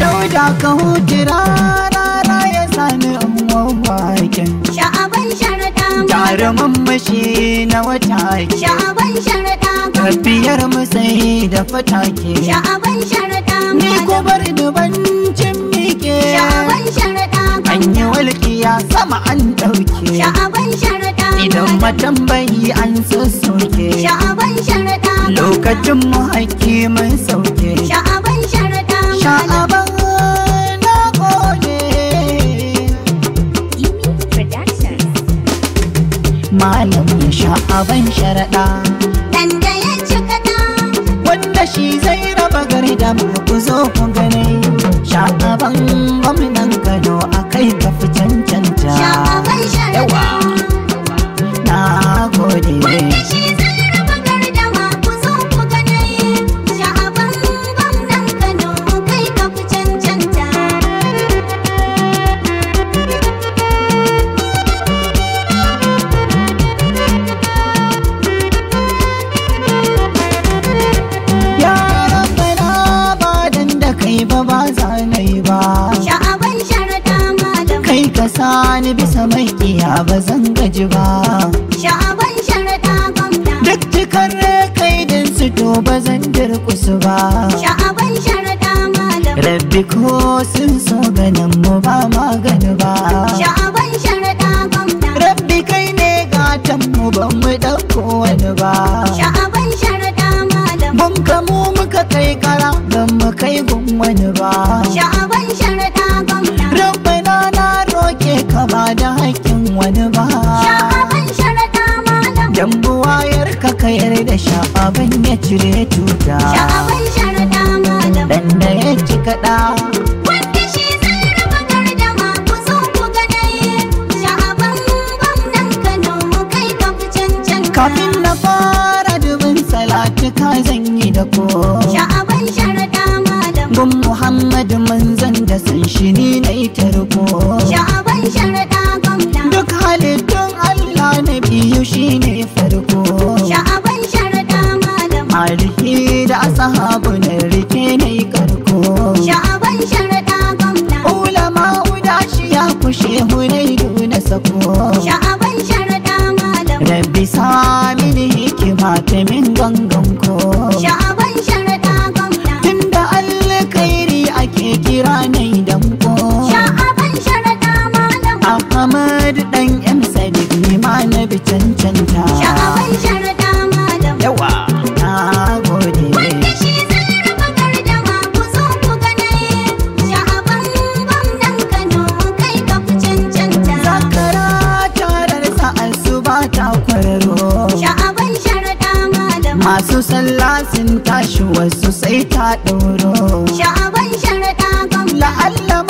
Dauda ka huti rara ya sami wawakin. Sha'aban sharaɗa Jaruman mashi na wataki, ke. Sha'aban sharaɗa Tafiyar musai da fataki, ke. Sha'aban sharaɗa Ni kubar dubancin mike. Sha'aban sharaɗa An yi walƙiya sama an ɗauke. Sha'aban sharaɗa idan matambayi an soke sha'aban sharada lokacin mu haƙƙi mai sauke sha'aban sharada sha'aban na gode ya sha'aban sharaɗa da wanda shi zai raba gari da mu ku zo ku ni bisa makiya ba zan gaji ba sha'aban sharaɗa gwamna duk cikar din su to ba zan durkusu ba sha'aban sharaɗa malam rabbi ko sun so ganin mu ba magani ba sha'aban sharaɗa gwamna rabbi kai ne gatan mu ban mu ɗauko wani ba sha'aban sharaɗa malam mun kamo muka kai kara don mu kai gun wani ba sha'aban sharaɗa ba da haƙƙin wani ba dan buwayar ka kayar da sha'aban ya cire tuta dan da ya ci kaɗa da ke na yi karko. Sha'aban sharaɗa gwamna. Ula ma'uda shi ya kushe hurai na sako. Sha'aban sharaɗa malam. Rabbi sa mini hikima ta min gangan ko. masu sallah sun tashi wasu sai ta ɗoro sha'aban sharaɗa gwamna la'allama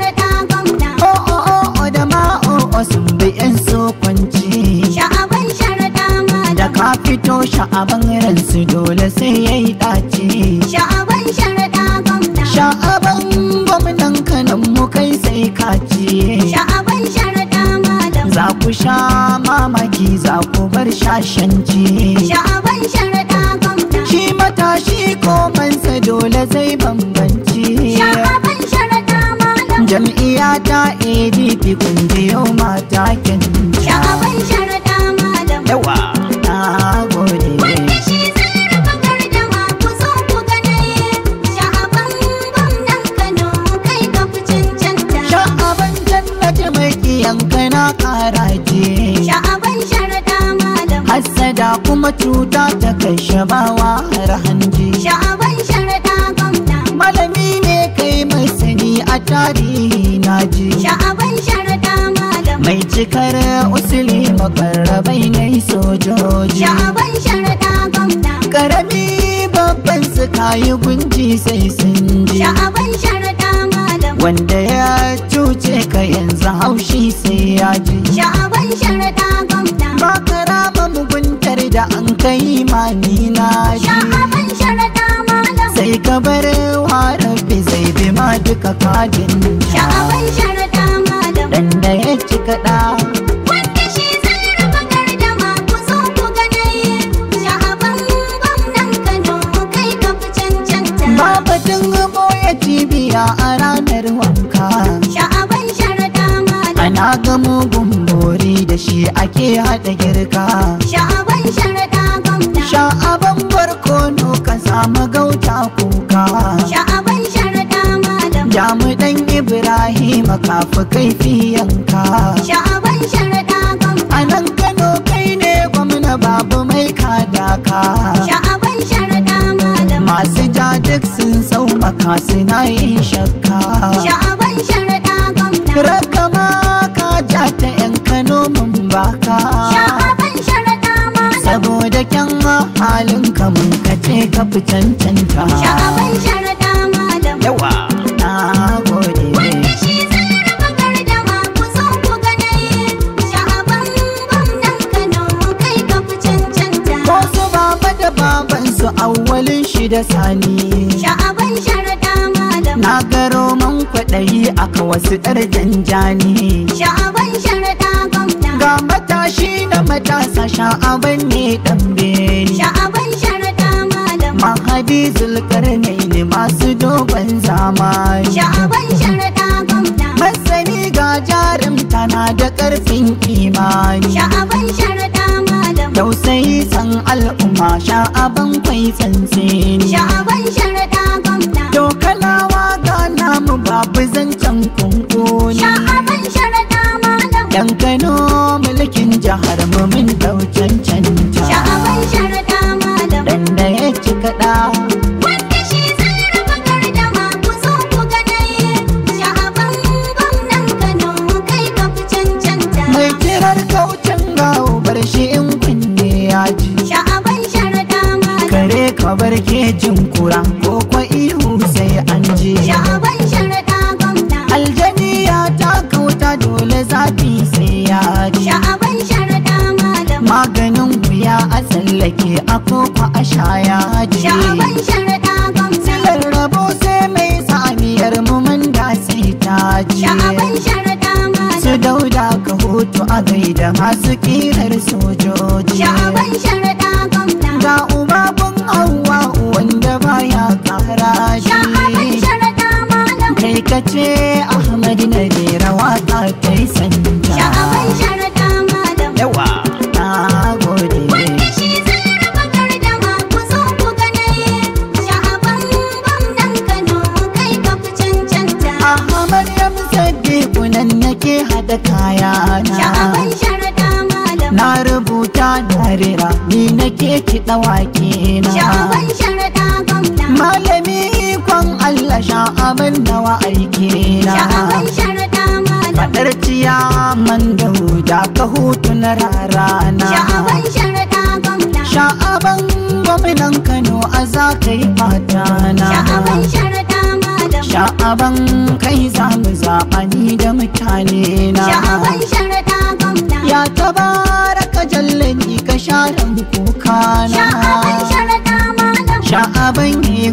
sha'aban ransu dole sai ya yi ɗaci sha'aban sharaɗa gwamna sha'aban gwamnan kanan mu kai sai kaci sha'aban sharaɗa malam za ku sha mamaki za ku bar shashanci sha'aban sharaɗa gwamna shi matashi mansa dole zai bambanci sha'aban sharaɗa malam jam'iyya ta adp kun biyo matakin da kuma cuta ta kai shabawa har hanji sha'aban sharaɗa gwamna malami ne kai mai sani a tarihi naji sha'aban sharaɗa malam mai cikar usuli makarrabai ne sojoji sha'aban sharaɗa gwamna karami babban su kayi gunji sai sun ji sha'aban sharaɗa malam wanda ya cuce ka yanzu haushi sai ya ji sha'aban sharaɗa da an kai mani na shi sai ka bar wa rabbi zai bi ma duka kadin sha'awai ke haɗa girka sha'aban sharda gauta sha'aban barkono ka samu gauta kuka sha'aban sharda malam jamu dan ibrahim kafa kaifi yanka sha'aban sharda gauta anan kano kai ne gwamna babu mai kada kadaka sha'aban sharda malam masu ja duk sun saumaka suna yin shakka sha'aban sharda gauta rakama ka ja ta baka saboda kyan halin ka mun ka fi cancanta sha'aban sharaɗa malam bakar da ma ku ka fi cancanta ko baba da baban su shi da sani sha'aban sharaɗa malam na ga man kwaɗayi aka wasu ɗar janjani sha'aban sa sha'aban ne ɗanbe ni. Sha'aban sharaɗa malam. Mahadi zulkarnai ne masu dogon zamani. Sha'aban sharaɗa gwamna. Masani ga jarumta na da ƙarfin imani. Sha'aban sharaɗa malam. Tausayi san al'umma sha'aban kwai tsantseni. Sha'aban sharaɗa gwamna. Dokalawa ga namu babu zancen kunkuni. Sha'aban sharaɗa malam. Dankano mulkin jihar mu. yadi sha'aban da malam maganin wuya a tsallake a koko a sha yadi sha'aban sharuɗa gwamna rabo sai mai samiyar mu mun da sai taji sha'aban da malam su dauda ka hoto a gaida masu kirar sojoji sha'aban sharuɗa gwamna ga uba kun hawa wanda baya kara shi sha'aban da malam kai ka ce ahmad na jera ta kai sanda nake ki dawaki na malami ikon Allah sha'aban dawa aiki na shaban sharda malam fadar ciyaman ka hutu na rarana sha'aban gwamnan Kano a za ka yi fata na shaban sha'aban kai za mu zaɓa ni da mutane na shaban